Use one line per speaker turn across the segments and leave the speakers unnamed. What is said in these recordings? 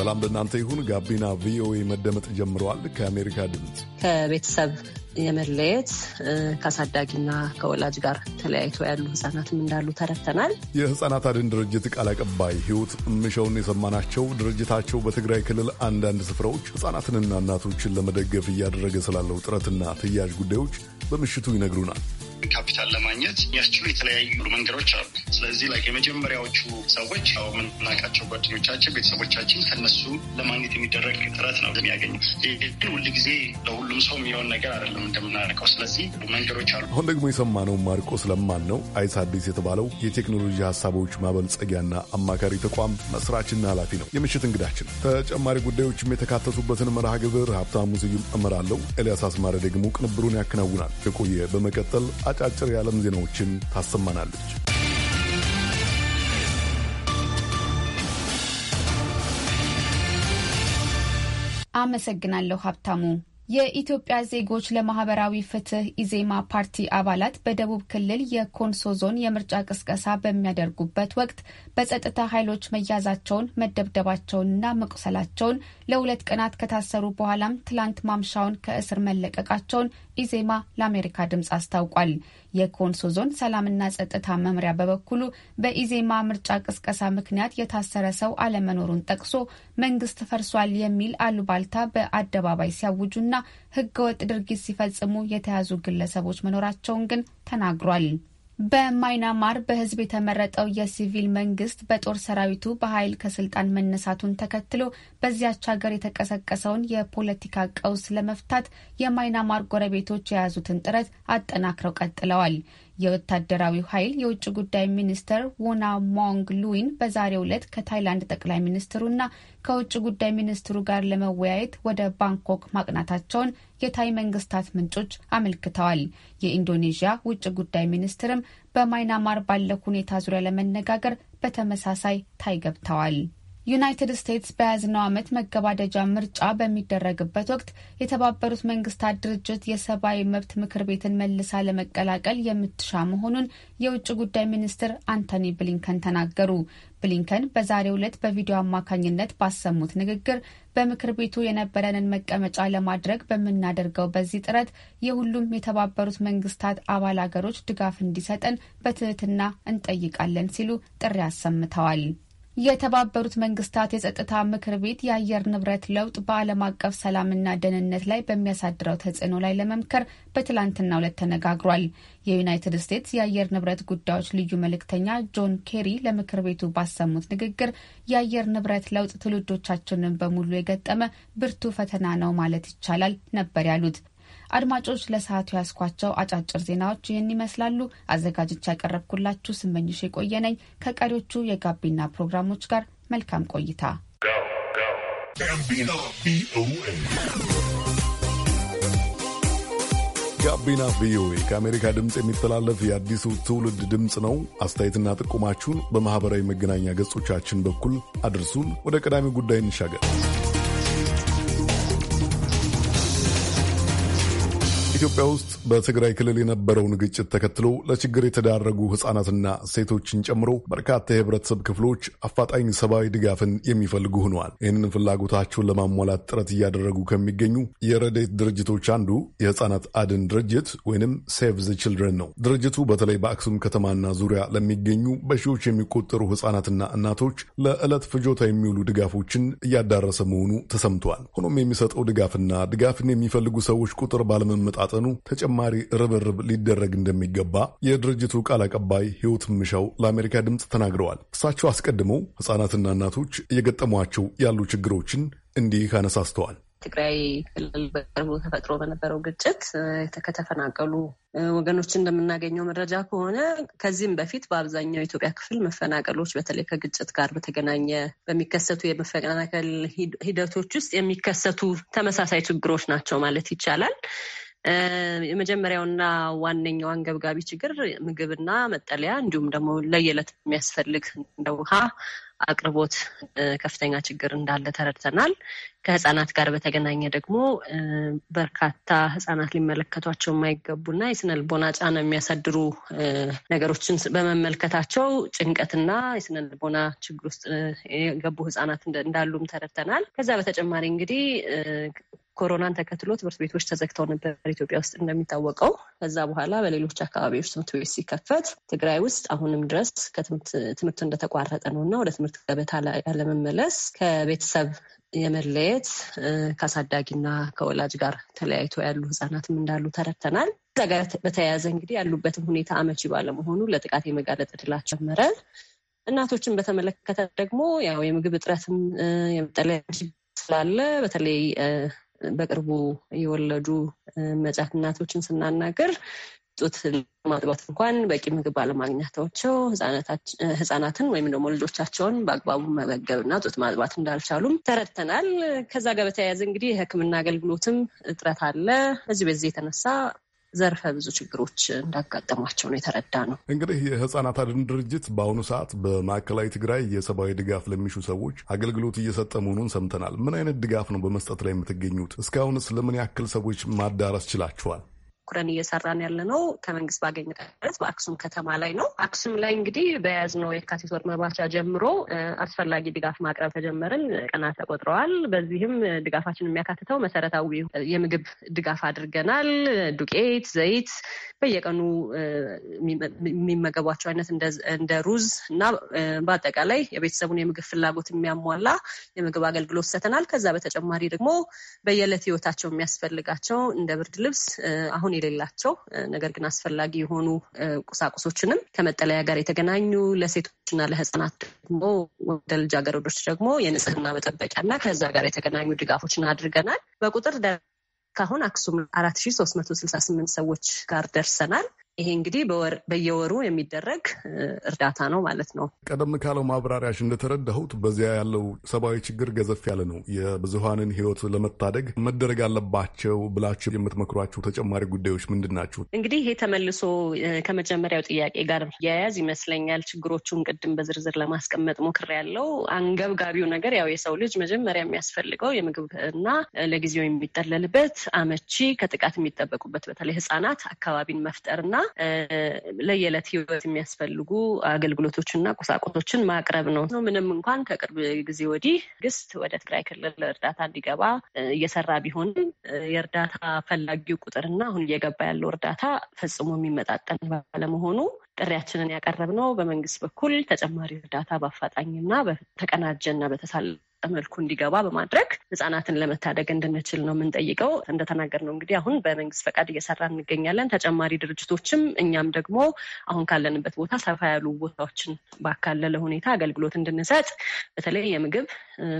ሰላም ለእናንተ ይሁን። ጋቢና ቪኦኤ መደመጥ ጀምረዋል። ከአሜሪካ ድምፅ
ከቤተሰብ የመለየት ከአሳዳጊና ከወላጅ ጋር ተለያይቶ ያሉ ህጻናትም እንዳሉ ተረድተናል።
የህጻናት አድን ድርጅት ቃል አቀባይ ህይወት ምሸውን የሰማናቸው ድርጅታቸው በትግራይ ክልል አንዳንድ ስፍራዎች ህጻናትንና እናቶችን ለመደገፍ እያደረገ ስላለው ጥረትና ተያያዥ ጉዳዮች በምሽቱ ይነግሩናል።
ካፒታል ለማግኘት የሚያስችሉ የተለያዩ መንገዶች አሉ። ስለዚህ ላይ የመጀመሪያዎቹ ሰዎች የምናውቃቸው ጓደኞቻችን፣ ቤተሰቦቻችን ከነሱ ለማግኘት የሚደረግ ጥረት ነው የሚያገኙ። ግን ሁል ጊዜ ለሁሉም ሰው የሚሆን ነገር አይደለም እንደምናደርገው። ስለዚህ መንገዶች አሉ።
አሁን ደግሞ የሰማነው ማርቆስ ለማን ነው አይስ አዲስ የተባለው የቴክኖሎጂ ሀሳቦች ማበልጸጊያና አማካሪ ተቋም መስራችና ኃላፊ ነው የምሽት እንግዳችን። ተጨማሪ ጉዳዮችም የተካተቱበትን መርሃ ግብር ሀብታሙ ስዩም እመራለሁ። ኤልያስ አስማረ ደግሞ ቅንብሩን ያከናውናል። የቆየ በመቀጠል አጫጭር የዓለም ዜናዎችን ታሰማናለች።
አመሰግናለሁ ሀብታሙ። የኢትዮጵያ ዜጎች ለማህበራዊ ፍትህ ኢዜማ ፓርቲ አባላት በደቡብ ክልል የኮንሶ ዞን የምርጫ ቅስቀሳ በሚያደርጉበት ወቅት በጸጥታ ኃይሎች መያዛቸውን መደብደባቸውንና መቁሰላቸውን ለሁለት ቀናት ከታሰሩ በኋላም ትላንት ማምሻውን ከእስር መለቀቃቸውን ኢዜማ ለአሜሪካ ድምፅ አስታውቋል። የኮንሶ ዞን ሰላምና ጸጥታ መምሪያ በበኩሉ በኢዜማ ምርጫ ቅስቀሳ ምክንያት የታሰረ ሰው አለመኖሩን ጠቅሶ መንግስት ፈርሷል የሚል አሉባልታ በአደባባይ ሲያውጁና ህገወጥ ድርጊት ሲፈጽሙ የተያዙ ግለሰቦች መኖራቸውን ግን ተናግሯል። በማይናማር በህዝብ የተመረጠው የሲቪል መንግስት በጦር ሰራዊቱ በኃይል ከስልጣን መነሳቱን ተከትሎ በዚያች ሀገር የተቀሰቀሰውን የፖለቲካ ቀውስ ለመፍታት የማይናማር ጎረቤቶች የያዙትን ጥረት አጠናክረው ቀጥለዋል። የወታደራዊው ኃይል የውጭ ጉዳይ ሚኒስትር ዎና ሞንግ ሉዊን በዛሬው ዕለት ከታይላንድ ጠቅላይ ሚኒስትሩና ከውጭ ጉዳይ ሚኒስትሩ ጋር ለመወያየት ወደ ባንኮክ ማቅናታቸውን የታይ መንግስታት ምንጮች አመልክተዋል። የኢንዶኔዥያ ውጭ ጉዳይ ሚኒስትርም በማይናማር ባለው ሁኔታ ዙሪያ ለመነጋገር በተመሳሳይ ታይ ገብተዋል። ዩናይትድ ስቴትስ በያዝነው ዓመት መገባደጃ ምርጫ በሚደረግበት ወቅት የተባበሩት መንግስታት ድርጅት የሰብአዊ መብት ምክር ቤትን መልሳ ለመቀላቀል የምትሻ መሆኑን የውጭ ጉዳይ ሚኒስትር አንቶኒ ብሊንከን ተናገሩ። ብሊንከን በዛሬው ዕለት በቪዲዮ አማካኝነት ባሰሙት ንግግር በምክር ቤቱ የነበረንን መቀመጫ ለማድረግ በምናደርገው በዚህ ጥረት የሁሉም የተባበሩት መንግስታት አባል አገሮች ድጋፍ እንዲሰጠን በትህትና እንጠይቃለን ሲሉ ጥሪ አሰምተዋል። የተባበሩት መንግስታት የጸጥታ ምክር ቤት የአየር ንብረት ለውጥ በዓለም አቀፍ ሰላምና ደህንነት ላይ በሚያሳድረው ተጽዕኖ ላይ ለመምከር በትላንትናው ዕለት ተነጋግሯል። የዩናይትድ ስቴትስ የአየር ንብረት ጉዳዮች ልዩ መልእክተኛ ጆን ኬሪ ለምክር ቤቱ ባሰሙት ንግግር የአየር ንብረት ለውጥ ትውልዶቻችንን በሙሉ የገጠመ ብርቱ ፈተና ነው ማለት ይቻላል ነበር ያሉት። አድማጮች ለሰዓቱ ያስኳቸው አጫጭር ዜናዎች ይህን ይመስላሉ። አዘጋጅቻ ያቀረብኩላችሁ ስመኝሽ የቆየ ነኝ። ከቀሪዎቹ የጋቢና ፕሮግራሞች ጋር መልካም ቆይታ።
ጋቢና ቪኦኤ ከአሜሪካ ድምፅ የሚተላለፍ የአዲሱ ትውልድ ድምፅ ነው። አስተያየትና ጥቆማችሁን በማኅበራዊ መገናኛ ገጾቻችን በኩል አድርሱን። ወደ ቀዳሚ ጉዳይ እንሻገር። ኢትዮጵያ ውስጥ በትግራይ ክልል የነበረውን ግጭት ተከትሎ ለችግር የተዳረጉ ሕጻናትና ሴቶችን ጨምሮ በርካታ የህብረተሰብ ክፍሎች አፋጣኝ ሰብአዊ ድጋፍን የሚፈልጉ ሆነዋል። ይህንን ፍላጎታቸውን ለማሟላት ጥረት እያደረጉ ከሚገኙ የረዴት ድርጅቶች አንዱ የህፃናት አድን ድርጅት ወይንም ሴቭ ዘ ችልድረን ነው። ድርጅቱ በተለይ በአክሱም ከተማና ዙሪያ ለሚገኙ በሺዎች የሚቆጠሩ ሕጻናትና እናቶች ለዕለት ፍጆታ የሚውሉ ድጋፎችን እያዳረሰ መሆኑ ተሰምቷል። ሆኖም የሚሰጠው ድጋፍና ድጋፍን የሚፈልጉ ሰዎች ቁጥር ባለመመጣ ለማፋጠኑ ተጨማሪ ርብርብ ሊደረግ እንደሚገባ የድርጅቱ ቃል አቀባይ ሕይወት ምሻው ለአሜሪካ ድምፅ ተናግረዋል። እሳቸው አስቀድመው ሕጻናትና እናቶች እየገጠሟቸው ያሉ ችግሮችን እንዲህ አነሳስተዋል።
ትግራይ ክልል በቅርቡ ተፈጥሮ በነበረው ግጭት ከተፈናቀሉ ወገኖች እንደምናገኘው መረጃ ከሆነ ከዚህም በፊት በአብዛኛው የኢትዮጵያ ክፍል መፈናቀሎች በተለይ ከግጭት ጋር በተገናኘ በሚከሰቱ የመፈናቀል ሂደቶች ውስጥ የሚከሰቱ ተመሳሳይ ችግሮች ናቸው ማለት ይቻላል። የመጀመሪያውና ዋነኛው አንገብጋቢ ችግር ምግብና መጠለያ እንዲሁም ደግሞ ለየለት የሚያስፈልግ እንደ ውሃ አቅርቦት ከፍተኛ ችግር እንዳለ ተረድተናል። ከህጻናት ጋር በተገናኘ ደግሞ በርካታ ህጻናት ሊመለከቷቸው የማይገቡና የስነ ልቦና ጫና የሚያሳድሩ ነገሮችን በመመልከታቸው ጭንቀትና የስነ ልቦና ችግር ውስጥ የገቡ ህጻናት እንዳሉም ተረድተናል። ከዛ በተጨማሪ እንግዲህ ኮሮናን ተከትሎ ትምህርት ቤቶች ተዘግተው ነበር ኢትዮጵያ ውስጥ እንደሚታወቀው። ከዛ በኋላ በሌሎች አካባቢዎች ትምህርት ቤት ሲከፈት ትግራይ ውስጥ አሁንም ድረስ ከትምህርት እንደተቋረጠ ነው እና ወደ ትምህርት ገበታ ያለመመለስ ከቤተሰብ የመለየት ከአሳዳጊና ከወላጅ ጋር ተለያይቶ ያሉ ህጻናትም እንዳሉ ተረድተናል። እዛ ጋር በተያያዘ እንግዲህ ያሉበትም ሁኔታ አመቺ ባለመሆኑ ለጥቃት የመጋለጥ እድላቸው ጨመረ። እናቶችን በተመለከተ ደግሞ ያው የምግብ እጥረትም የመጠለያ ስላለ በተለይ በቅርቡ የወለዱ መጫት እናቶችን ስናናገር ጡት ማጥባት እንኳን በቂ ምግብ ባለማግኘታቸው ህጻናትን ወይም ደግሞ ልጆቻቸውን በአግባቡ መመገብና ጡት ማጥባት እንዳልቻሉም ተረድተናል። ከዛ ጋር በተያያዘ እንግዲህ የህክምና አገልግሎትም እጥረት አለ። በዚህ በዚህ የተነሳ ዘርፈ ብዙ ችግሮች እንዳጋጠሟቸው ነው የተረዳ
ነው። እንግዲህ የህጻናት አድን ድርጅት በአሁኑ ሰዓት በማዕከላዊ ትግራይ የሰብአዊ ድጋፍ ለሚሹ ሰዎች አገልግሎት እየሰጠ መሆኑን ሰምተናል። ምን አይነት ድጋፍ ነው በመስጠት ላይ የምትገኙት? እስካሁንስ ለምን ያክል ሰዎች ማዳረስ ችላችኋል?
አተኩረን እየሰራን ያለ ነው ከመንግስት ባገኝ ቀረጽ በአክሱም ከተማ ላይ ነው። አክሱም ላይ እንግዲህ በያዝነው የካቲት ወር መባቻ ጀምሮ አስፈላጊ ድጋፍ ማቅረብ ተጀመርን። ቀናት ተቆጥረዋል። በዚህም ድጋፋችን የሚያካትተው መሰረታዊ የምግብ ድጋፍ አድርገናል። ዱቄት፣ ዘይት በየቀኑ የሚመገቧቸው አይነት እንደ ሩዝ እና በአጠቃላይ የቤተሰቡን የምግብ ፍላጎት የሚያሟላ የምግብ አገልግሎት ሰተናል። ከዛ በተጨማሪ ደግሞ በየዕለት ህይወታቸው የሚያስፈልጋቸው እንደ ብርድ ልብስ አሁን የሌላቸው ነገር ግን አስፈላጊ የሆኑ ቁሳቁሶችንም ከመጠለያ ጋር የተገናኙ ለሴቶችና ለህፃናት ደግሞ ወደ ልጃገረዶች ደግሞ የንጽህና መጠበቂያና ከዛ ጋር የተገናኙ ድጋፎችን አድርገናል። በቁጥር ካሁን አክሱም አራት ሺ ሶስት መቶ ስልሳ ስምንት ሰዎች ጋር ደርሰናል። ይሄ እንግዲህ በየወሩ የሚደረግ እርዳታ ነው ማለት
ነው። ቀደም ካለው ማብራሪያሽ እንደተረዳሁት በዚያ ያለው ሰብአዊ ችግር ገዘፍ ያለ ነው። የብዙሀንን ህይወት ለመታደግ መደረግ አለባቸው ብላችሁ የምትመክሯቸው ተጨማሪ ጉዳዮች ምንድን ናቸው?
እንግዲህ ይሄ ተመልሶ ከመጀመሪያው ጥያቄ ጋር ያያዝ ይመስለኛል። ችግሮቹን ቅድም በዝርዝር ለማስቀመጥ ሞክር ያለው አንገብጋቢው ነገር ያው የሰው ልጅ መጀመሪያ የሚያስፈልገው የምግብ እና ለጊዜው የሚጠለልበት አመቺ ከጥቃት የሚጠበቁበት በተለይ ህጻናት አካባቢን መፍጠርና ለየዕለት ህይወት የሚያስፈልጉ አገልግሎቶችና ቁሳቁሶችን ማቅረብ ነው። ምንም እንኳን ከቅርብ ጊዜ ወዲህ መንግስት ወደ ትግራይ ክልል እርዳታ እንዲገባ እየሰራ ቢሆንም የእርዳታ ፈላጊው ቁጥርና አሁን እየገባ ያለው እርዳታ ፈጽሞ የሚመጣጠን ባለመሆኑ ጥሪያችንን ያቀረብነው በመንግስት በኩል ተጨማሪ እርዳታ በአፋጣኝና በተቀናጀና በተሳለ መልኩ እንዲገባ በማድረግ ህጻናትን ለመታደግ እንድንችል ነው የምንጠይቀው። እንደተናገር ነው እንግዲህ አሁን በመንግስት ፈቃድ እየሰራ እንገኛለን። ተጨማሪ ድርጅቶችም እኛም ደግሞ አሁን ካለንበት ቦታ ሰፋ ያሉ ቦታዎችን ባካለለ ሁኔታ አገልግሎት እንድንሰጥ በተለይ የምግብ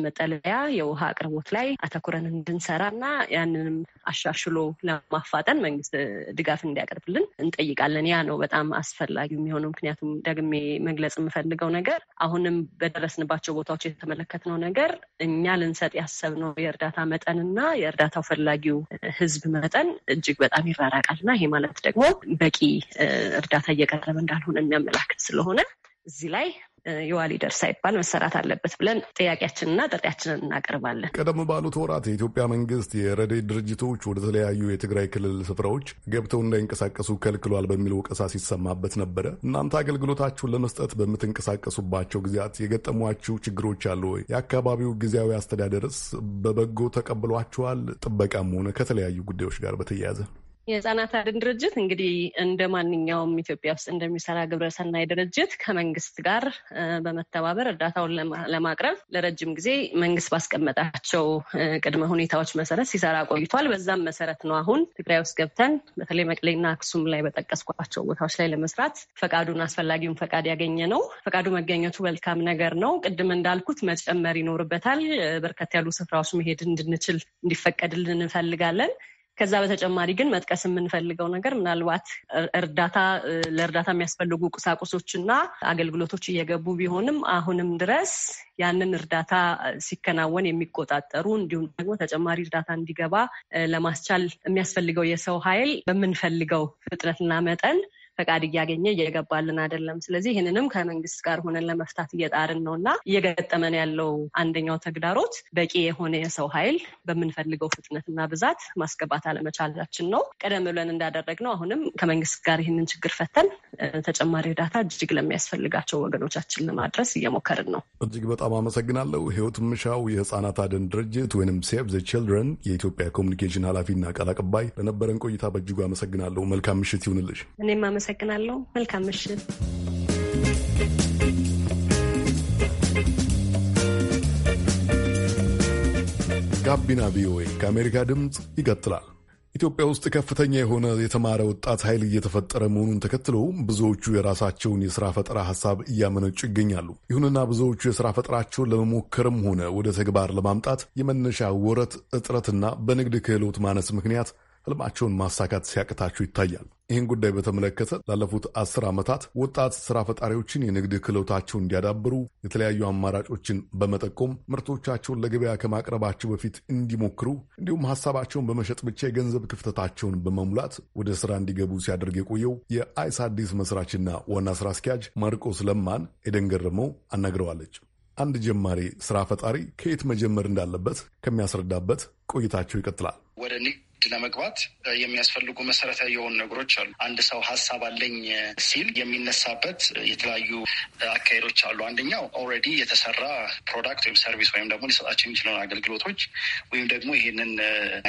መጠለያ፣ የውሃ አቅርቦት ላይ አተኩረን እንድንሰራ እና ያንንም አሻሽሎ ለማፋጠን መንግስት ድጋፍ እንዲያቀርብልን እንጠይቃለን። ያ ነው በጣም አስፈላጊ የሚሆነው። ምክንያቱም ደግሜ መግለጽ የምፈልገው ነገር አሁንም በደረስንባቸው ቦታዎች የተመለከትነው ነገር ነገር እኛ ልንሰጥ ያሰብነው የእርዳታ መጠንና የእርዳታው ፈላጊው ህዝብ መጠን እጅግ በጣም ይራራቃል እና ይሄ ማለት ደግሞ በቂ እርዳታ እየቀረበ እንዳልሆነ የሚያመላክት ስለሆነ እዚህ ላይ የዋሊ ደርስ ሳይባል መሰራት አለበት ብለን ጥያቄያችንና ጥሪያችንን እናቀርባለን።
ቀደም ባሉት ወራት የኢትዮጵያ መንግስት የረድኤት ድርጅቶች ወደ ተለያዩ የትግራይ ክልል ስፍራዎች ገብተው እንዳይንቀሳቀሱ ከልክሏል በሚል ወቀሳ ሲሰማበት ነበረ። እናንተ አገልግሎታችሁን ለመስጠት በምትንቀሳቀሱባቸው ጊዜያት የገጠሟችሁ ችግሮች አሉ ወይ? የአካባቢው ጊዜያዊ አስተዳደርስ በበጎ ተቀብሏችኋል? ጥበቃም ሆነ ከተለያዩ ጉዳዮች ጋር በተያያዘ
የህጻናት አድን ድርጅት እንግዲህ እንደ ማንኛውም ኢትዮጵያ ውስጥ እንደሚሰራ ግብረሰናይ ድርጅት ከመንግስት ጋር በመተባበር እርዳታውን ለማቅረብ ለረጅም ጊዜ መንግስት ባስቀመጣቸው ቅድመ ሁኔታዎች መሰረት ሲሰራ ቆይቷል። በዛም መሰረት ነው አሁን ትግራይ ውስጥ ገብተን በተለይ መቅሌና አክሱም ላይ በጠቀስኳቸው ቦታዎች ላይ ለመስራት ፈቃዱን አስፈላጊውን ፈቃድ ያገኘ ነው። ፈቃዱ መገኘቱ መልካም ነገር ነው። ቅድም እንዳልኩት መጨመር ይኖርበታል። በርከት ያሉ ስፍራዎች መሄድ እንድንችል እንዲፈቀድልን እንፈልጋለን። ከዛ በተጨማሪ ግን መጥቀስ የምንፈልገው ነገር ምናልባት እርዳታ ለእርዳታ የሚያስፈልጉ ቁሳቁሶችና አገልግሎቶች እየገቡ ቢሆንም አሁንም ድረስ ያንን እርዳታ ሲከናወን የሚቆጣጠሩ እንዲሁም ደግሞ ተጨማሪ እርዳታ እንዲገባ ለማስቻል የሚያስፈልገው የሰው ኃይል በምንፈልገው ፍጥነትና መጠን ፈቃድ እያገኘ እየገባልን አይደለም። ስለዚህ ይህንንም ከመንግስት ጋር ሆነን ለመፍታት እየጣርን ነው እና እየገጠመን ያለው አንደኛው ተግዳሮት በቂ የሆነ የሰው ኃይል በምንፈልገው ፍጥነትና ብዛት ማስገባት አለመቻላችን ነው። ቀደም ብለን እንዳደረግነው አሁንም ከመንግስት ጋር ይህንን ችግር ፈተን ተጨማሪ እርዳታ እጅግ ለሚያስፈልጋቸው ወገኖቻችን ለማድረስ እየሞከርን ነው።
እጅግ በጣም አመሰግናለሁ። ህይወት ምሻው የህፃናት አድን ድርጅት ወይም ሴቭ ዘ ችልድረን የኢትዮጵያ ኮሚኒኬሽን ኃላፊና ቃል አቀባይ ለነበረን ቆይታ በእጅጉ አመሰግናለሁ። መልካም ምሽት ይሁንልሽ።
እኔም አመሰግናለሁ። መልካም ምሽት።
ጋቢና ቪኦኤ ከአሜሪካ ድምፅ ይቀጥላል። ኢትዮጵያ ውስጥ ከፍተኛ የሆነ የተማረ ወጣት ኃይል እየተፈጠረ መሆኑን ተከትሎ ብዙዎቹ የራሳቸውን የስራ ፈጠራ ሀሳብ እያመነጩ ይገኛሉ። ይሁንና ብዙዎቹ የስራ ፈጠራቸውን ለመሞከርም ሆነ ወደ ተግባር ለማምጣት የመነሻ ወረት እጥረትና በንግድ ክህሎት ማነስ ምክንያት ህልማቸውን ማሳካት ሲያቅታቸው ይታያል። ይህን ጉዳይ በተመለከተ ላለፉት አስር ዓመታት ወጣት ስራ ፈጣሪዎችን የንግድ ክህሎታቸው እንዲያዳብሩ የተለያዩ አማራጮችን በመጠቆም ምርቶቻቸውን ለገበያ ከማቅረባቸው በፊት እንዲሞክሩ እንዲሁም ሀሳባቸውን በመሸጥ ብቻ የገንዘብ ክፍተታቸውን በመሙላት ወደ ስራ እንዲገቡ ሲያደርግ የቆየው የአይስ አዲስ መስራችና ዋና ስራ አስኪያጅ ማርቆስ ለማን ኤደን ገረመው አናግረዋለች። አንድ ጀማሪ ስራ ፈጣሪ ከየት መጀመር እንዳለበት ከሚያስረዳበት ቆይታቸው ይቀጥላል።
ለመግባት የሚያስፈልጉ መሰረታዊ የሆኑ ነገሮች አሉ። አንድ ሰው ሀሳብ አለኝ ሲል የሚነሳበት የተለያዩ አካሄዶች አሉ። አንደኛው ኦልሬዲ የተሰራ ፕሮዳክት ወይም ሰርቪስ ወይም ደግሞ ሊሰጣቸው የሚችለውን አገልግሎቶች ወይም ደግሞ ይሄንን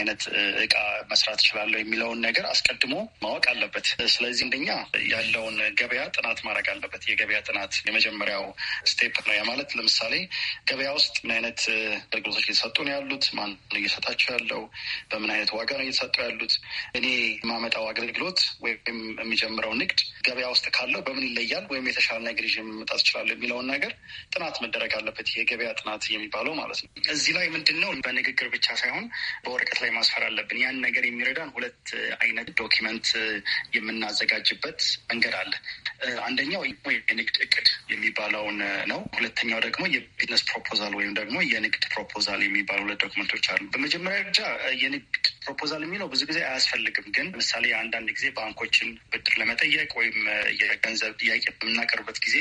አይነት እቃ መስራት እችላለሁ የሚለውን ነገር አስቀድሞ ማወቅ አለበት። ስለዚህ አንደኛ ያለውን ገበያ ጥናት ማድረግ አለበት። የገበያ ጥናት የመጀመሪያው ስቴፕ ነው። ያ ማለት ለምሳሌ ገበያ ውስጥ ምን አይነት አገልግሎቶች እየተሰጡ ነው ያሉት፣ ማን እየሰጣቸው ያለው፣ በምን አይነት ዋጋ ነው እየተሰጡ ያሉት። እኔ የማመጣው አገልግሎት ወይም የሚጀምረው ንግድ ገበያ ውስጥ ካለው በምን ይለያል ወይም የተሻለ ነገር ይዤ መምጣት እችላለሁ የሚለውን ነገር ጥናት መደረግ አለበት። የገበያ ጥናት የሚባለው ማለት ነው። እዚህ ላይ ምንድን ነው በንግግር ብቻ ሳይሆን በወረቀት ላይ ማስፈር አለብን። ያን ነገር የሚረዳን ሁለት አይነት ዶኪመንት የምናዘጋጅበት መንገድ አለ። አንደኛው የንግድ እቅድ የሚባለውን ነው። ሁለተኛው ደግሞ የቢዝነስ ፕሮፖዛል ወይም ደግሞ የንግድ ፕሮፖዛል የሚባሉ ሁለት ዶኪመንቶች አሉ። በመጀመሪያ ደረጃ የንግድ ፕሮፖዛል ፕሮፖዛል የሚለው ብዙ ጊዜ አያስፈልግም። ግን ለምሳሌ አንዳንድ ጊዜ ባንኮችን ብድር ለመጠየቅ ወይም የገንዘብ ጥያቄ በምናቀርበት ጊዜ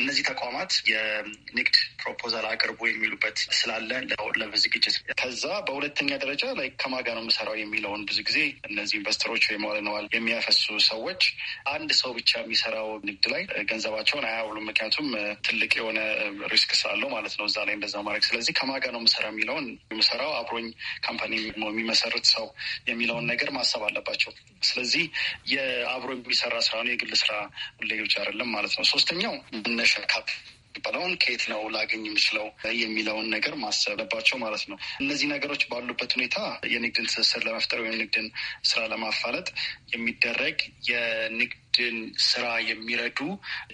እነዚህ ተቋማት የንግድ ፕሮፖዛል አቅርቡ የሚሉበት ስላለ ለዝግጅት ከዛ በሁለተኛ ደረጃ ላይ ከማጋ ነው የምሰራው የሚለውን ብዙ ጊዜ እነዚህ ኢንቨስተሮች ወይም መዋለ ንዋይ የሚያፈሱ ሰዎች አንድ ሰው ብቻ የሚሰራው ንግድ ላይ ገንዘባቸውን አያውሉም። ምክንያቱም ትልቅ የሆነ ሪስክ ስላለው ማለት ነው እዛ ላይ እንደዛ ማድረግ። ስለዚህ ከማጋ ነው የምሰራ የሚለውን የምሰራው አብሮኝ ካምፓኒ የሚመሰርት ሰው የሚለውን ነገር ማሰብ አለባቸው። ስለዚህ የአብሮ የሚሰራ ስራ ነው፣ የግል ስራ ሌሎች አይደለም ማለት ነው። ሶስተኛው መነሻ የሚባለውን ከየት ነው ላገኝ የምችለው የሚለውን ነገር ማሰብ አለባቸው ማለት ነው። እነዚህ ነገሮች ባሉበት ሁኔታ የንግድን ትስስር ለመፍጠር ወይም ንግድን ስራ ለማፋለጥ የሚደረግ የንግድ ድን ስራ የሚረዱ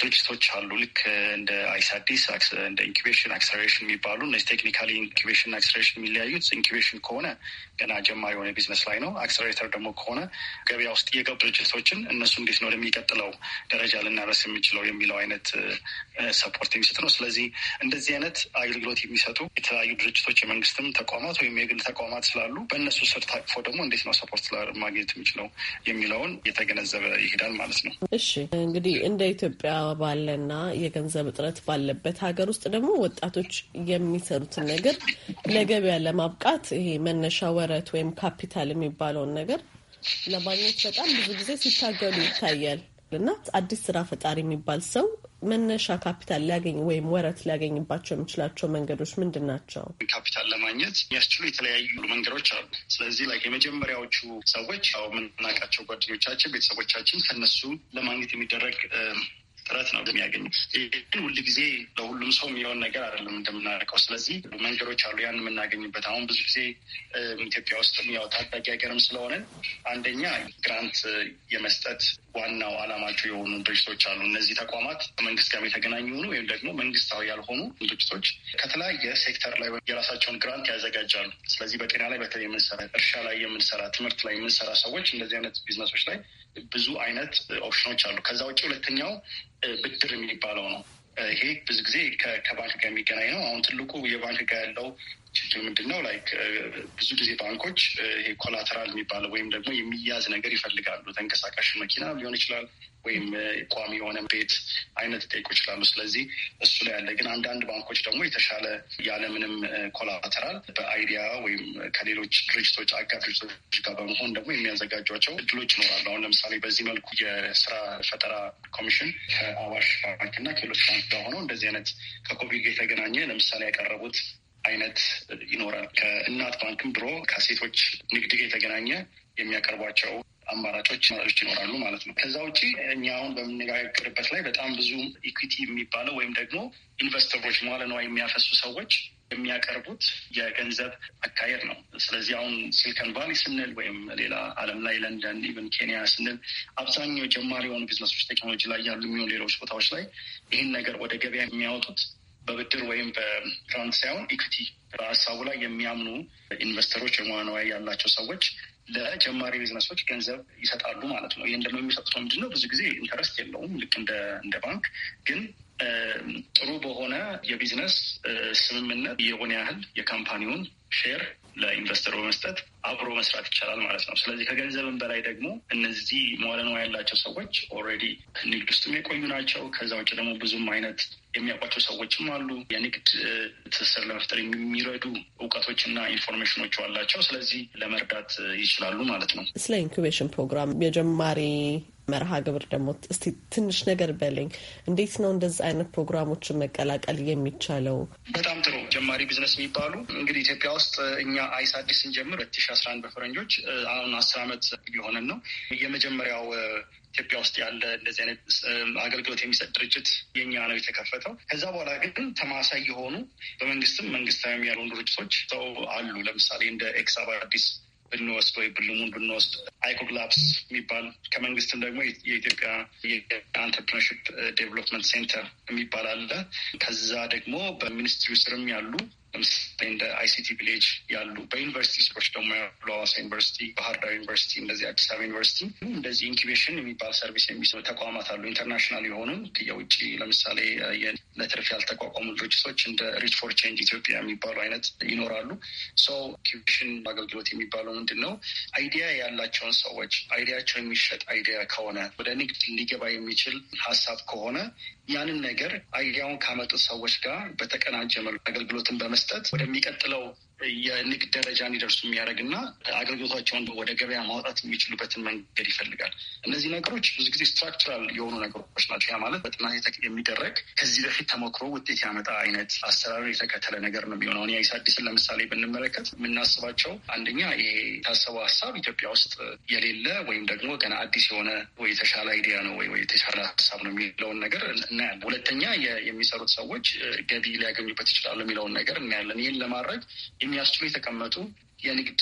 ድርጅቶች አሉ። ልክ እንደ አይሳዲስ እንደ ኢንኩቤሽን አክሰሬሽን የሚባሉ እነዚህ ቴክኒካሊ ኢንኩቤሽን አክሰሬሽን የሚለያዩት ኢንኩቤሽን ከሆነ ገና ጀማሪ የሆነ ቢዝነስ ላይ ነው። አክሰሬተር ደግሞ ከሆነ ገበያ ውስጥ የገቡ ድርጅቶችን እነሱ እንዴት ነው ወደሚቀጥለው ደረጃ ልናረስ የምንችለው የሚለው አይነት ሰፖርት የሚሰጥ ነው። ስለዚህ እንደዚህ አይነት አገልግሎት የሚሰጡ የተለያዩ ድርጅቶች የመንግስትም ተቋማት ወይም የግል ተቋማት ስላሉ በእነሱ ስር ታቅፎ ደግሞ እንዴት ነው ሰፖርት ማግኘት የሚችለው የሚለውን እየተገነዘበ ይሄዳል ማለት ነው።
ነው። እሺ እንግዲህ እንደ ኢትዮጵያ ባለና የገንዘብ እጥረት ባለበት ሀገር ውስጥ ደግሞ ወጣቶች የሚሰሩትን ነገር ለገበያ ለማብቃት ይሄ መነሻ ወረት ወይም ካፒታል የሚባለውን ነገር ለማግኘት በጣም ብዙ ጊዜ ሲታገሉ ይታያል እና አዲስ ስራ ፈጣሪ የሚባል ሰው መነሻ ካፒታል ሊያገኝ ወይም ወረት ሊያገኝባቸው የሚችላቸው መንገዶች ምንድን ናቸው?
ካፒታል ለማግኘት የሚያስችሉ የተለያዩ መንገዶች አሉ። ስለዚህ ላይ የመጀመሪያዎቹ ሰዎች ያው የምናውቃቸው ጓደኞቻችን፣ ቤተሰቦቻችን ከነሱ ለማግኘት የሚደረግ ጥረት ነው የሚያገኙ። ይህን ሁል ጊዜ ለሁሉም ሰው የሚሆን ነገር አይደለም እንደምናደርገው። ስለዚህ መንገዶች አሉ ያን የምናገኝበት። አሁን ብዙ ጊዜ ኢትዮጵያ ውስጥ ያው ታዳጊ ሀገርም ስለሆነ አንደኛ ግራንት የመስጠት ዋናው አላማቸው የሆኑ ድርጅቶች አሉ። እነዚህ ተቋማት ከመንግስት ጋር የተገናኙ ሆኑ ወይም ደግሞ መንግስታዊ ያልሆኑ ድርጅቶች ከተለያየ ሴክተር ላይ የራሳቸውን ግራንት ያዘጋጃሉ። ስለዚህ በጤና ላይ በተለይ የምንሰራ፣ እርሻ ላይ የምንሰራ፣ ትምህርት ላይ የምንሰራ ሰዎች እንደዚህ አይነት ቢዝነሶች ላይ ብዙ አይነት ኦፕሽኖች አሉ። ከዛ ውጭ ሁለተኛው ብድር የሚባለው ነው። ይሄ ብዙ ጊዜ ከባንክ ጋር የሚገናኝ ነው። አሁን ትልቁ የባንክ ጋር ያለው ችግር ምንድን ነው? ላይክ ብዙ ጊዜ ባንኮች ኮላተራል የሚባለው ወይም ደግሞ የሚያዝ ነገር ይፈልጋሉ። ተንቀሳቃሽ መኪና ሊሆን ይችላል፣ ወይም ቋሚ የሆነ ቤት አይነት ሊጠይቁ ይችላሉ። ስለዚህ እሱ ላይ ያለ ግን አንዳንድ ባንኮች ደግሞ የተሻለ ያለምንም ኮላተራል በአይዲያ ወይም ከሌሎች ድርጅቶች አጋር ድርጅቶች ጋር በመሆን ደግሞ የሚያዘጋጇቸው እድሎች ይኖራሉ። አሁን ለምሳሌ በዚህ መልኩ የስራ ፈጠራ ኮሚሽን ከአዋሽ ባንክ እና ከሌሎች ባንክ ጋር ሆነው እንደዚህ አይነት ከኮቪድ ጋር የተገናኘ ለምሳሌ ያቀረቡት አይነት ይኖራል። ከእናት ባንክም ድሮ ከሴቶች ንግድ የተገናኘ የሚያቀርቧቸው አማራጮች ይኖራሉ ማለት ነው። ከዛ ውጭ እኛ አሁን በምንነጋገርበት ላይ በጣም ብዙ ኢኩዊቲ የሚባለው ወይም ደግሞ ኢንቨስተሮች መዋለ ንዋይ የሚያፈሱ ሰዎች የሚያቀርቡት የገንዘብ አካሄድ ነው። ስለዚህ አሁን ሲሊከን ቫሊ ስንል ወይም ሌላ ዓለም ላይ ለንደን፣ ኢቨን ኬንያ ስንል አብዛኛው ጀማሪ የሆኑ ቢዝነሶች ቴክኖሎጂ ላይ ያሉ የሚሆኑ ሌሎች ቦታዎች ላይ ይህን ነገር ወደ ገበያ የሚያወጡት በብድር ወይም በግራንት ሳይሆን ኢኩቲ በሀሳቡ ላይ የሚያምኑ ኢንቨስተሮች የመዋለ ንዋይ ያላቸው ሰዎች ለጀማሪ ቢዝነሶች ገንዘብ ይሰጣሉ ማለት ነው። ይህን ደግሞ የሚሰጡት ምንድን ነው ብዙ ጊዜ ኢንተረስት የለውም ልክ እንደ ባንክ ግን ጥሩ በሆነ የቢዝነስ ስምምነት የሆነ ያህል የካምፓኒውን ሼር ለኢንቨስተር በመስጠት አብሮ መስራት ይቻላል ማለት ነው። ስለዚህ ከገንዘብም በላይ ደግሞ እነዚህ መዋለ ንዋይ ያላቸው ሰዎች ኦልሬዲ ንግድ ውስጥም የቆዩ ናቸው። ከዛ ውጭ ደግሞ ብዙም አይነት የሚያውቋቸው ሰዎችም አሉ። የንግድ ትስስር ለመፍጠር የሚረዱ እውቀቶችና ኢንፎርሜሽኖች አላቸው። ስለዚህ ለመርዳት ይችላሉ ማለት ነው።
ስለ ኢንኩቤሽን ፕሮግራም የጀማሪ መርሃ ግብር ደግሞ እስቲ ትንሽ ነገር በለኝ። እንዴት ነው እንደዚህ አይነት ፕሮግራሞችን መቀላቀል የሚቻለው?
በጣም ጥሩ። ጀማሪ ቢዝነስ የሚባሉ እንግዲህ ኢትዮጵያ ውስጥ እኛ አይስ አዲስ ስንጀምር ሁለት ሺ አስራ አንድ በፈረንጆች አሁን አስር አመት ሊሆነን ነው። የመጀመሪያው ኢትዮጵያ ውስጥ ያለ እንደዚህ አይነት አገልግሎት የሚሰጥ ድርጅት የኛ ነው የተከፈተው። ከዛ በኋላ ግን ተማሳይ የሆኑ በመንግስትም መንግስታዊም ያልሆኑ ድርጅቶች ሰው አሉ። ለምሳሌ እንደ ኤክሳባ አዲስ ብንወስድ ወይ ብልሙን ብንወስድ አይኮግ ላፕስ የሚባል ከመንግስትም ደግሞ የኢትዮጵያ የአንትርፕርነርሽፕ ዴቨሎፕመንት ሴንተር የሚባል አለ። ከዛ ደግሞ በሚኒስትሪ ስርም ያሉ ለምሳሌ እንደ አይሲቲ ቪሌጅ ያሉ በዩኒቨርሲቲ ስሮች ደግሞ ያሉ ዩኒቨርሲቲ፣ ባህርዳር ዩኒቨርሲቲ፣ እንደዚህ አዲስ አበባ ዩኒቨርሲቲ እንደዚህ ኢንኩቤሽን የሚባል ሰርቪስ የሚሰሩ ተቋማት አሉ። ኢንተርናሽናል የሆኑ የውጭ ለምሳሌ ለትርፍ ያልተቋቋሙ ድርጅቶች እንደ ሪች ፎር ቼንጅ ኢትዮጵያ የሚባሉ አይነት ይኖራሉ። ሶ ኢንኩቤሽን አገልግሎት የሚባለው ምንድን ነው? አይዲያ ያላቸውን ሰዎች አይዲያቸው የሚሸጥ አይዲያ ከሆነ ወደ ንግድ ሊገባ የሚችል ሀሳብ ከሆነ ያንን ነገር አያውን ካመጡት ሰዎች ጋር በተቀናጀ መልኩ አገልግሎትን በመስጠት ወደሚቀጥለው የንግድ ደረጃ እንዲደርሱ የሚያደርግና አገልግሎታቸውን ወደ ገበያ ማውጣት የሚችሉበትን መንገድ ይፈልጋል። እነዚህ ነገሮች ብዙ ጊዜ ስትራክቸራል የሆኑ ነገሮች ናቸው። ያ ማለት በጥናት የሚደረግ ከዚህ በፊት ተሞክሮ ውጤት ያመጣ አይነት አሰራር የተከተለ ነገር ነው የሚሆነው። የአዲስ አዲስን ለምሳሌ ብንመለከት የምናስባቸው አንደኛ ይሄ የታሰበው ሀሳብ ኢትዮጵያ ውስጥ የሌለ ወይም ደግሞ ገና አዲስ የሆነ ወይ የተሻለ አይዲያ ነው ወይ የተሻለ ሀሳብ ነው የሚለውን ነገር እናያለን። ሁለተኛ የሚሰሩት ሰዎች ገቢ ሊያገኙበት ይችላሉ የሚለውን ነገር እናያለን። ይህን ለማድረግ የሚያስችሉ የተቀመጡ የንግድ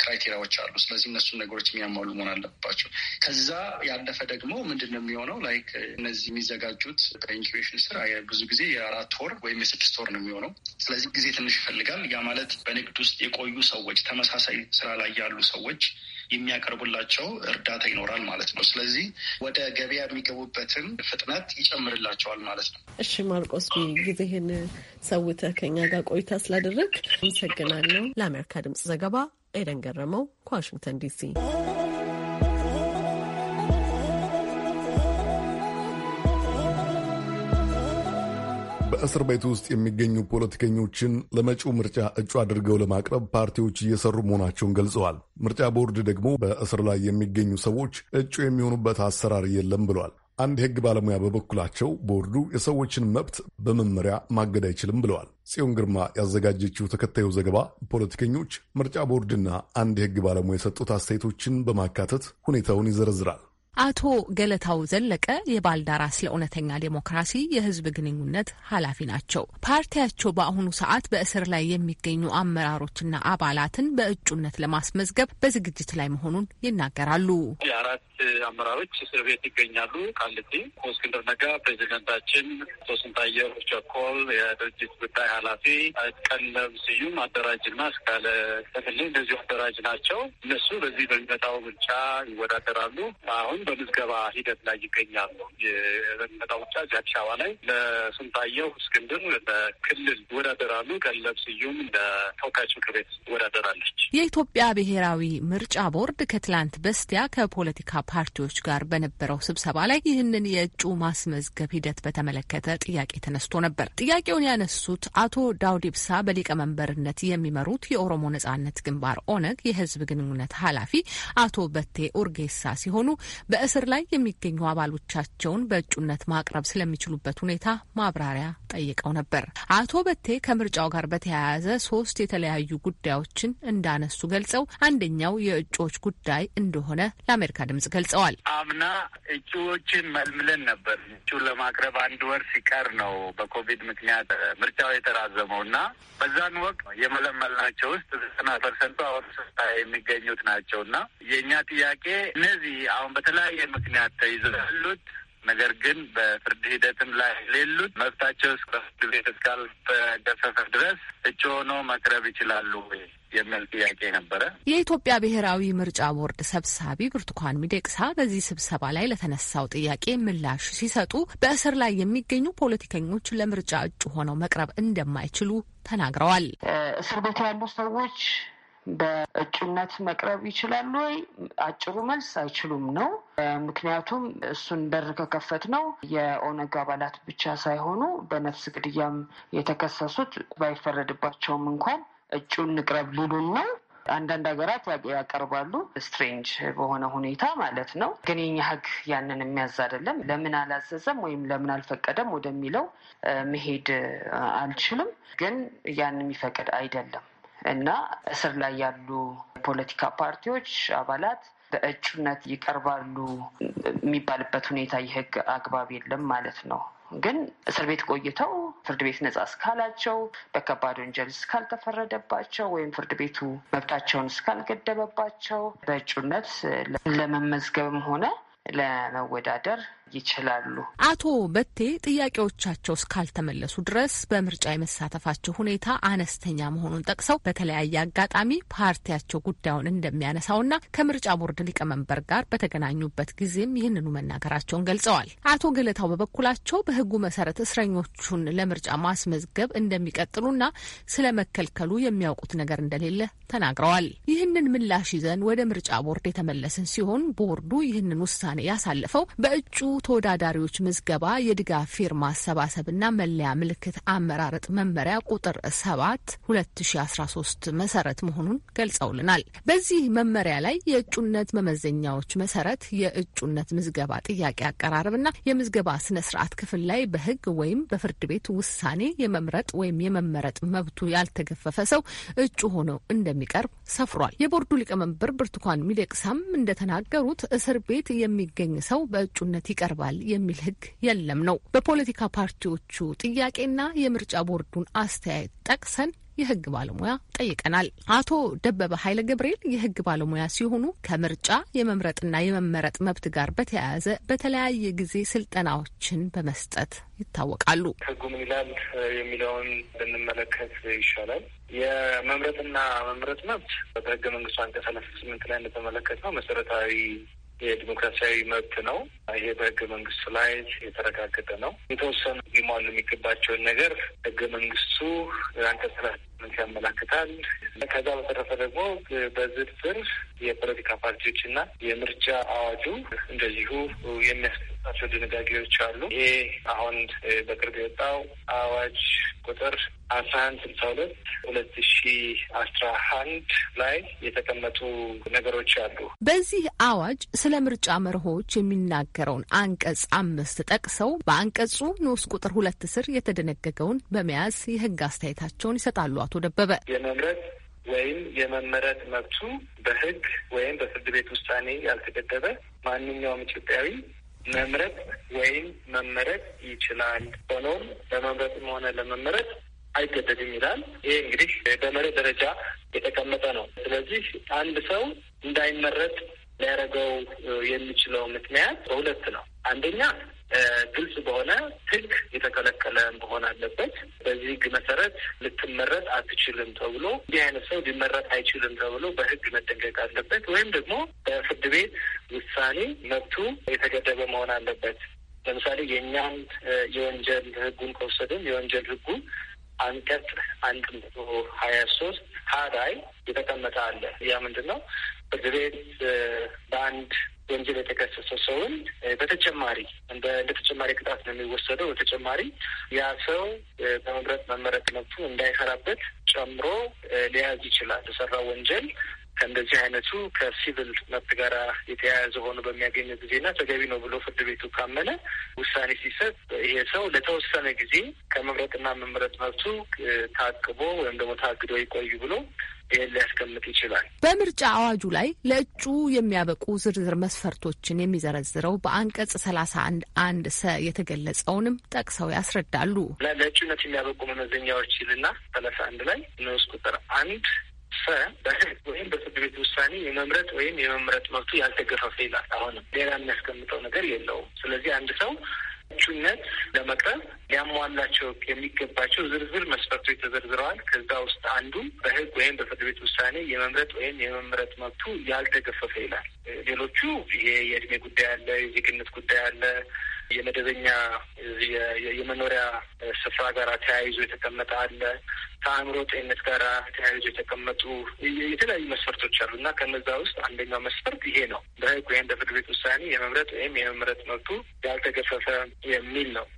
ክራይቴሪያዎች አሉ። ስለዚህ እነሱን ነገሮች የሚያሟሉ መሆን አለባቸው። ከዛ ያለፈ ደግሞ ምንድን ነው የሚሆነው ላይክ እነዚህ የሚዘጋጁት በኢንኩቤሽን ስር ብዙ ጊዜ የአራት ወር ወይም የስድስት ወር ነው የሚሆነው። ስለዚህ ጊዜ ትንሽ ይፈልጋል። ያ ማለት በንግድ ውስጥ የቆዩ ሰዎች ተመሳሳይ ስራ ላይ ያሉ ሰዎች የሚያቀርቡላቸው እርዳታ ይኖራል ማለት ነው። ስለዚህ ወደ ገበያ የሚገቡበትን ፍጥነት ይጨምርላቸዋል ማለት ነው።
እሺ ማርቆስ፣ ጊዜህን ሰውተ ከኛ ጋር ቆይታ ስላደረግ አመሰግናለሁ። ለአሜሪካ ድምጽ ዘገባ ኤደን ገረመው ከዋሽንግተን ዲሲ
በእስር ቤት ውስጥ የሚገኙ ፖለቲከኞችን ለመጪው ምርጫ እጩ አድርገው ለማቅረብ ፓርቲዎች እየሰሩ መሆናቸውን ገልጸዋል። ምርጫ ቦርድ ደግሞ በእስር ላይ የሚገኙ ሰዎች እጩ የሚሆኑበት አሰራር የለም ብሏል። አንድ የሕግ ባለሙያ በበኩላቸው ቦርዱ የሰዎችን መብት በመመሪያ ማገድ አይችልም ብለዋል። ጽዮን ግርማ ያዘጋጀችው ተከታዩ ዘገባ ፖለቲከኞች፣ ምርጫ ቦርድና አንድ የሕግ ባለሙያ የሰጡት አስተያየቶችን በማካተት ሁኔታውን ይዘረዝራል።
አቶ ገለታው ዘለቀ የባልደራስ ለእውነተኛ ዴሞክራሲ የህዝብ ግንኙነት ኃላፊ ናቸው። ፓርቲያቸው በአሁኑ ሰዓት በእስር ላይ የሚገኙ አመራሮችና አባላትን በእጩነት ለማስመዝገብ በዝግጅት ላይ መሆኑን ይናገራሉ።
የአራት አመራሮች እስር ቤት ይገኛሉ። ቃሊቲ እስክንድር ነጋ ፕሬዚደንታችን፣ አቶ ስንታየሁ ቸኮል የድርጅት ጉዳይ ኃላፊ፣ ቀለብ ስዩም አደራጅና እስካለ ተክሌ እንደዚሁ አደራጅ ናቸው። እነሱ በዚህ በሚመጣው ምርጫ ይወዳደራሉ አሁን በምዝገባ ሂደት ላይ ይገኛሉ። የመጣውጫ አዲስ አበባ ላይ ለስንታየው እስክንድር ለክልል ወዳደራሉ። ቀለብ ስዩም ለተወካዮች ምክር ቤት
ወዳደራለች። የኢትዮጵያ ብሔራዊ ምርጫ ቦርድ ከትላንት በስቲያ ከፖለቲካ ፓርቲዎች ጋር በነበረው ስብሰባ ላይ ይህንን የእጩ ማስመዝገብ ሂደት በተመለከተ ጥያቄ ተነስቶ ነበር። ጥያቄውን ያነሱት አቶ ዳውድ ኢብሳ በሊቀመንበርነት የሚመሩት የኦሮሞ ነጻነት ግንባር ኦነግ የህዝብ ግንኙነት ኃላፊ አቶ በቴ ኡርጌሳ ሲሆኑ በ በእስር ላይ የሚገኙ አባሎቻቸውን በእጩነት ማቅረብ ስለሚችሉበት ሁኔታ ማብራሪያ ጠይቀው ነበር። አቶ በቴ ከምርጫው ጋር በተያያዘ ሶስት የተለያዩ ጉዳዮችን እንዳነሱ ገልጸው አንደኛው የእጩዎች ጉዳይ እንደሆነ ለአሜሪካ ድምጽ ገልጸዋል።
አምና እጩዎችን መልምለን ነበር። እጩ ለማቅረብ አንድ ወር ሲቀር ነው በኮቪድ ምክንያት ምርጫው የተራዘመው እና በዛን ወቅት የመለመልናቸው ውስጥ ዘጠና ፐርሰንቱ አሁን የሚገኙት ናቸው እና የእኛ ጥያቄ እነዚህ አሁን በተለ በተለያየ ምክንያት ተይዘው ያሉት ነገር ግን በፍርድ ሂደትም ላይ ሌሉት መብታቸው እስከ ፍርድ ቤት እስካልተገፈፈ ድረስ እጩ ሆኖ መቅረብ ይችላሉ ወይ የሚል ጥያቄ ነበረ።
የኢትዮጵያ ብሔራዊ ምርጫ ቦርድ ሰብሳቢ ብርቱካን ሚደቅሳ በዚህ ስብሰባ ላይ ለተነሳው ጥያቄ ምላሽ ሲሰጡ በእስር ላይ የሚገኙ ፖለቲከኞች ለምርጫ እጩ ሆነው መቅረብ እንደማይችሉ ተናግረዋል።
እስር ቤት ያሉ ሰዎች በእጩነት መቅረብ ይችላሉ ወይ? አጭሩ መልስ አይችሉም ነው። ምክንያቱም እሱን በር ከከፈት ነው የኦነግ አባላት ብቻ ሳይሆኑ በነፍስ ግድያም የተከሰሱት ባይፈረድባቸውም እንኳን እጩን ንቅረብ ልሉን ነው። አንዳንድ ሀገራት ያቀርባሉ ስትሬንጅ በሆነ ሁኔታ ማለት ነው። ግን የኛ ህግ ያንን የሚያዝ አይደለም። ለምን አላዘዘም ወይም ለምን አልፈቀደም ወደሚለው መሄድ አልችልም። ግን ያን የሚፈቅድ አይደለም። እና እስር ላይ ያሉ ፖለቲካ ፓርቲዎች አባላት በእጩነት ይቀርባሉ የሚባልበት ሁኔታ የህግ አግባብ የለም ማለት ነው። ግን እስር ቤት ቆይተው ፍርድ ቤት ነጻ እስካላቸው በከባድ ወንጀል እስካልተፈረደባቸው ወይም ፍርድ ቤቱ መብታቸውን እስካልገደበባቸው በእጩነት ለመመዝገብም ሆነ ለመወዳደር ይችላሉ።
አቶ በቴ ጥያቄዎቻቸው እስካልተመለሱ ድረስ በምርጫ የመሳተፋቸው ሁኔታ አነስተኛ መሆኑን ጠቅሰው በተለያየ አጋጣሚ ፓርቲያቸው ጉዳዩን እንደሚያነሳውና ከምርጫ ቦርድ ሊቀመንበር ጋር በተገናኙበት ጊዜም ይህንኑ መናገራቸውን ገልጸዋል። አቶ ገለታው በበኩላቸው በሕጉ መሰረት እስረኞቹን ለምርጫ ማስመዝገብ እንደሚቀጥሉና ስለ መከልከሉ የሚያውቁት ነገር እንደሌለ ተናግረዋል። ይህንን ምላሽ ይዘን ወደ ምርጫ ቦርድ የተመለስን ሲሆን ቦርዱ ይህንን ውሳኔ ያሳለፈው በእጩ ተወዳዳሪዎች ምዝገባ የድጋፍ ፊርማ አሰባሰብና መለያ ምልክት አመራረጥ መመሪያ ቁጥር ሰባት ሁለት ሺ አስራ ሶስት መሰረት መሆኑን ገልጸውልናል። በዚህ መመሪያ ላይ የእጩነት መመዘኛዎች መሰረት የእጩነት ምዝገባ ጥያቄ አቀራረብና የምዝገባ ስነ ስርዓት ክፍል ላይ በህግ ወይም በፍርድ ቤት ውሳኔ የመምረጥ ወይም የመመረጥ መብቱ ያልተገፈፈ ሰው እጩ ሆኖ እንደሚቀርብ ሰፍሯል። የቦርዱ ሊቀመንበር ብርቱካን ሚደቅሳም እንደተናገሩት እስር ቤት የሚገኝ ሰው በእጩነት ይቀር ይቀርባል የሚል ህግ የለም ነው በፖለቲካ ፓርቲዎቹ ጥያቄና የምርጫ ቦርዱን አስተያየት ጠቅሰን የህግ ባለሙያ ጠይቀናል። አቶ ደበበ ኃይለ ገብርኤል የህግ ባለሙያ ሲሆኑ ከምርጫ የመምረጥና የመመረጥ መብት ጋር በተያያዘ በተለያየ ጊዜ ስልጠናዎችን በመስጠት ይታወቃሉ።
ህጉ ምን ይላል የሚለውን ብንመለከት ይሻላል። የመምረጥና መምረጥ መብት በህገ መንግስቱ አንቀጽ ሰላሳ ስምንት ላይ እንደተመለከት ነው መሰረታዊ የዲሞክራሲያዊ መብት ነው። ይሄ በህገ መንግስቱ ላይ የተረጋገጠ ነው። የተወሰኑ ሊሟሉ የሚገባቸውን ነገር ህገ መንግስቱ አንቀጽ ምን ያመላክታል። ከዛ በተረፈ ደግሞ በዝርዝር የፖለቲካ ፓርቲዎች እና የምርጫ አዋጁ እንደዚሁ የሚያስቀጣቸው ድንጋጌዎች አሉ። ይሄ አሁን በቅርብ የወጣው አዋጅ ቁጥር አስራ አንድ ስልሳ ሁለት ሁለት ሺ አስራ አንድ ላይ የተቀመጡ ነገሮች አሉ።
በዚህ አዋጅ ስለ ምርጫ መርሆች የሚናገረውን አንቀጽ አምስት ጠቅሰው በአንቀጹ ንዑስ ቁጥር ሁለት ስር የተደነገገውን በመያዝ የህግ አስተያየታቸውን ይሰጣሉ። አቶ ደበበ
የመምረጥ ወይም የመመረጥ መብቱ በህግ ወይም በፍርድ ቤት ውሳኔ ያልተገደበ ማንኛውም ኢትዮጵያዊ መምረጥ ወይም መመረጥ ይችላል። ሆኖም ለመምረጥም ሆነ ለመመረጥ አይገደድም ይላል። ይሄ እንግዲህ በመርህ ደረጃ የተቀመጠ ነው። ስለዚህ አንድ ሰው እንዳይመረጥ ሊያደርገው የሚችለው ምክንያት በሁለት ነው። አንደኛ ግልጽ በሆነ ህግ የተከለከለ መሆን አለበት። በዚህ ህግ መሰረት ልትመረጥ አትችልም ተብሎ እንዲህ አይነት ሰው ሊመረጥ አይችልም ተብሎ በህግ መደንገግ አለበት። ወይም ደግሞ በፍርድ ቤት ውሳኔ መብቱ የተገደበ መሆን አለበት። ለምሳሌ የእኛም የወንጀል ህጉን ከወሰድን የወንጀል ህጉ አንቀጽ አንድ መቶ ሀያ ሶስት ሀ ላይ የተቀመጠ አለ። ያ ምንድን ነው? ፍርድ ቤት በአንድ ወንጀል የተከሰሰ ሰውን በተጨማሪ እንደ ተጨማሪ ቅጣት ነው የሚወሰደው። በተጨማሪ ያ ሰው በመምረጥ መመረጥ መብቱ እንዳይሰራበት ጨምሮ ሊያዝ ይችላል። የተሰራው ወንጀል ከእንደዚህ አይነቱ ከሲቪል መብት ጋር የተያያዘ ሆኖ በሚያገኘ ጊዜና ተገቢ ነው ብሎ ፍርድ ቤቱ ካመነ ውሳኔ ሲሰጥ ይሄ ሰው ለተወሰነ ጊዜ ከመምረጥና መምረጥ መብቱ ታቅቦ ወይም ደግሞ ታግዶ ይቆዩ ብሎ ይህን ሊያስቀምጥ ይችላል።
በምርጫ አዋጁ ላይ ለእጩ የሚያበቁ ዝርዝር መስፈርቶችን የሚዘረዝረው በአንቀጽ ሰላሳ አንድ አንድ ሰ የተገለጸውንም ጠቅሰው ያስረዳሉ።
ለእጩነት የሚያበቁ መመዘኛዎች ይልና ሰላሳ አንድ ላይ ንዑስ ቁጥር አንድ ፈ በህግ ወይም በፍርድ ቤት ውሳኔ የመምረጥ ወይም የመምረጥ መብቱ ያልተገፈፈ ይላል። አሁንም ሌላ የሚያስቀምጠው ነገር የለውም። ስለዚህ አንድ ሰው እጩነት ለመቅረብ ሊያሟላቸው የሚገባቸው ዝርዝር መስፈርቶች ተዘርዝረዋል። ከዛ ውስጥ አንዱ በህግ ወይም በፍርድ ቤት ውሳኔ የመምረጥ ወይም የመምረጥ መብቱ ያልተገፈፈ ይላል። ሌሎቹ ይሄ የእድሜ ጉዳይ አለ፣ የዜግነት ጉዳይ አለ የመደበኛ የመኖሪያ ስፍራ ጋር ተያይዞ የተቀመጠ አለ። ከአእምሮ ጤንነት ጋር ተያይዞ የተቀመጡ የተለያዩ መስፈርቶች አሉ እና ከነዛ ውስጥ አንደኛው መስፈርት ይሄ ነው። በህግ ወይም በፍርድ ቤት ውሳኔ የመምረጥ ወይም የመምረጥ መብቱ ያልተገፈፈ የሚል ነው።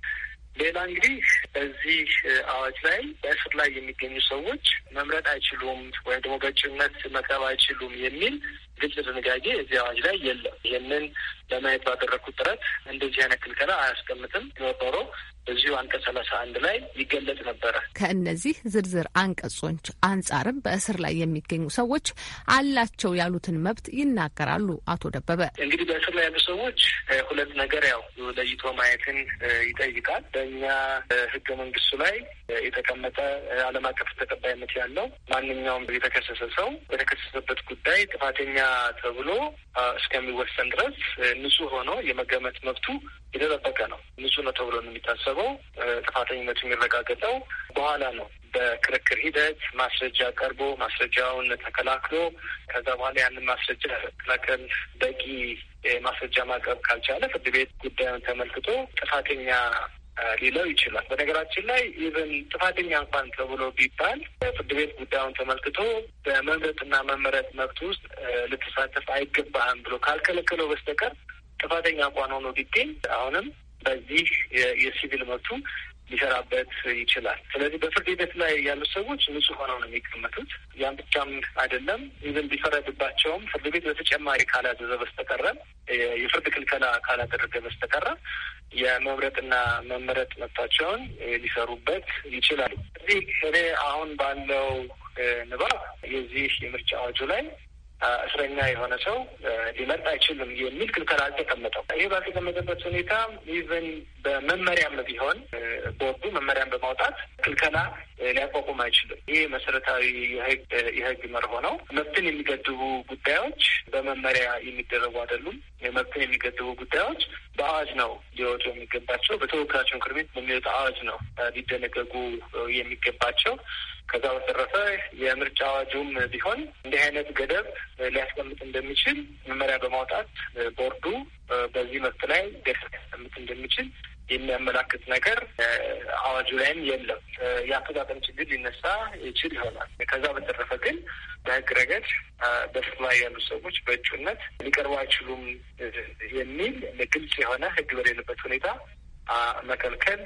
ሌላ እንግዲህ በዚህ አዋጅ ላይ በእስር ላይ የሚገኙ ሰዎች መምረጥ አይችሉም ወይም ደግሞ በእጩነት መቅረብ አይችሉም የሚል ግልጽ ድንጋጌ እዚህ አዋጅ ላይ የለም። ይህንን ለማየት ባደረግኩት ጥረት እንደዚህ አይነት ክልከላ አያስቀምጥም ኖሮ እዚሁ አንቀጽ ሰላሳ አንድ ላይ ይገለጽ ነበረ።
ከእነዚህ ዝርዝር አንቀጾች አንጻርም በእስር ላይ የሚገኙ ሰዎች አላቸው ያሉትን መብት ይናገራሉ። አቶ ደበበ
እንግዲህ በእስር ላይ ያሉ ሰዎች ሁለት ነገር ያው ለይቶ ማየትን ይጠይቃል። በእኛ ሕገ መንግስቱ ላይ የተቀመጠ ዓለም አቀፍ ተቀባይነት ያለው ማንኛውም የተከሰሰ ሰው በተከሰሰበት ጉዳይ ጥፋተኛ ተብሎ እስከሚወሰን ድረስ ንጹህ ሆኖ የመገመት መብቱ የተጠበቀ ነው። ንጹህ ነው ተብሎ ነው የሚታሰበው። ጥፋተኝነቱ የሚረጋገጠው በኋላ ነው። በክርክር ሂደት ማስረጃ ቀርቦ ማስረጃውን ተከላክሎ ከዛ በኋላ ያንን ማስረጃ መከላከል በቂ ማስረጃ ማቅረብ ካልቻለ ፍርድ ቤት ጉዳዩን ተመልክቶ ጥፋተኛ ሊለው ይችላል። በነገራችን ላይ ኢቨን ጥፋተኛ እንኳን ተብሎ ቢባል ፍርድ ቤት ጉዳዩን ተመልክቶ በመምረጥና መመረጥ መብት ውስጥ ልትሳተፍ አይገባህም ብሎ ካልከለከለው በስተቀር ጥፋተኛ እንኳን ሆኖ ቢገኝ አሁንም በዚህ የሲቪል መብቱ ሊሰራበት ይችላል። ስለዚህ በፍርድ ቤት ላይ ያሉ ሰዎች ንጹህ ሆነው ነው የሚቀመጡት። ያን ብቻም አይደለም፣ ይዝን ቢፈረድባቸውም ፍርድ ቤት በተጨማሪ ካላዘዘ በስተቀረ የፍርድ ክልከላ ካላደረገ በስተቀረ የመምረጥና መመረጥ መብታቸውን ሊሰሩበት ይችላሉ። እዚህ እኔ አሁን ባለው ንባብ የዚህ የምርጫ አዋጁ ላይ እስረኛ የሆነ ሰው ሊመጣ አይችልም የሚል ክልከላ አልተቀመጠው። ይህ ባልተቀመጠበት ሁኔታ ኢቨን በመመሪያም ቢሆን ቦርዱ መመሪያም በማውጣት ክልከላ ሊያቋቁም አይችልም። ይህ መሰረታዊ የህግ መርሆ ነው። መብትን የሚገድቡ ጉዳዮች በመመሪያ የሚደረጉ አይደሉም። መብትን የሚገድቡ ጉዳዮች በአዋጅ ነው ሊወጡ የሚገባቸው። በተወካዮች ምክር ቤት በሚወጣ አዋጅ ነው ሊደነገጉ የሚገባቸው። ከዛ በተረፈ የምርጫ አዋጁም ቢሆን እንዲህ አይነት ገደብ ሊያስቀምጥ እንደሚችል መመሪያ በማውጣት ቦርዱ በዚህ መብት ላይ ገደብ ሊያስቀምጥ እንደሚችል የሚያመላክት ነገር አዋጁ ላይም የለም። የአፈጣጠም ችግር ሊነሳ ይችል ይሆናል። ከዛ በተረፈ ግን በህግ ረገድ በስር ላይ ያሉ ሰዎች በእጩነት ሊቀርቡ አይችሉም የሚል ግልጽ የሆነ ህግ በሌለበት ሁኔታ መከልከል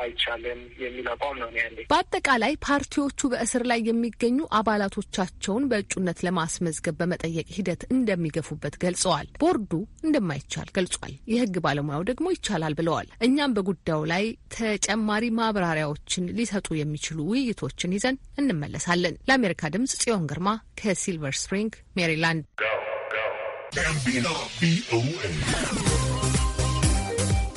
አይቻልም የሚል አቋም ነው
ያለ።
በአጠቃላይ ፓርቲዎቹ በእስር ላይ የሚገኙ አባላቶቻቸውን በእጩነት ለማስመዝገብ በመጠየቅ ሂደት እንደሚገፉበት ገልጸዋል። ቦርዱ እንደማይቻል ገልጿል። የህግ ባለሙያው ደግሞ ይቻላል ብለዋል። እኛም በጉዳዩ ላይ ተጨማሪ ማብራሪያዎችን ሊሰጡ የሚችሉ ውይይቶችን ይዘን እንመለሳለን። ለአሜሪካ ድምጽ ጽዮን ግርማ ከሲልቨር ስፕሪንግ ሜሪላንድ።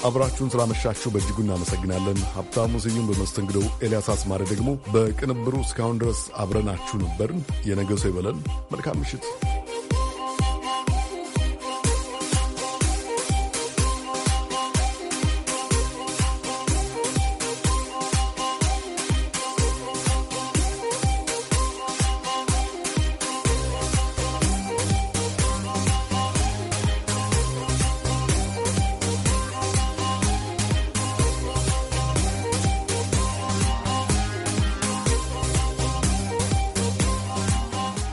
አብራችሁን ስላመሻችሁ በእጅጉ እናመሰግናለን። ሀብታሙ ስዩም በመስተንግደው፣ ኤልያስ አስማሪ ደግሞ በቅንብሩ። እስካሁን ድረስ አብረናችሁ ነበርን። የነገ ሰው ይበለን። መልካም ምሽት።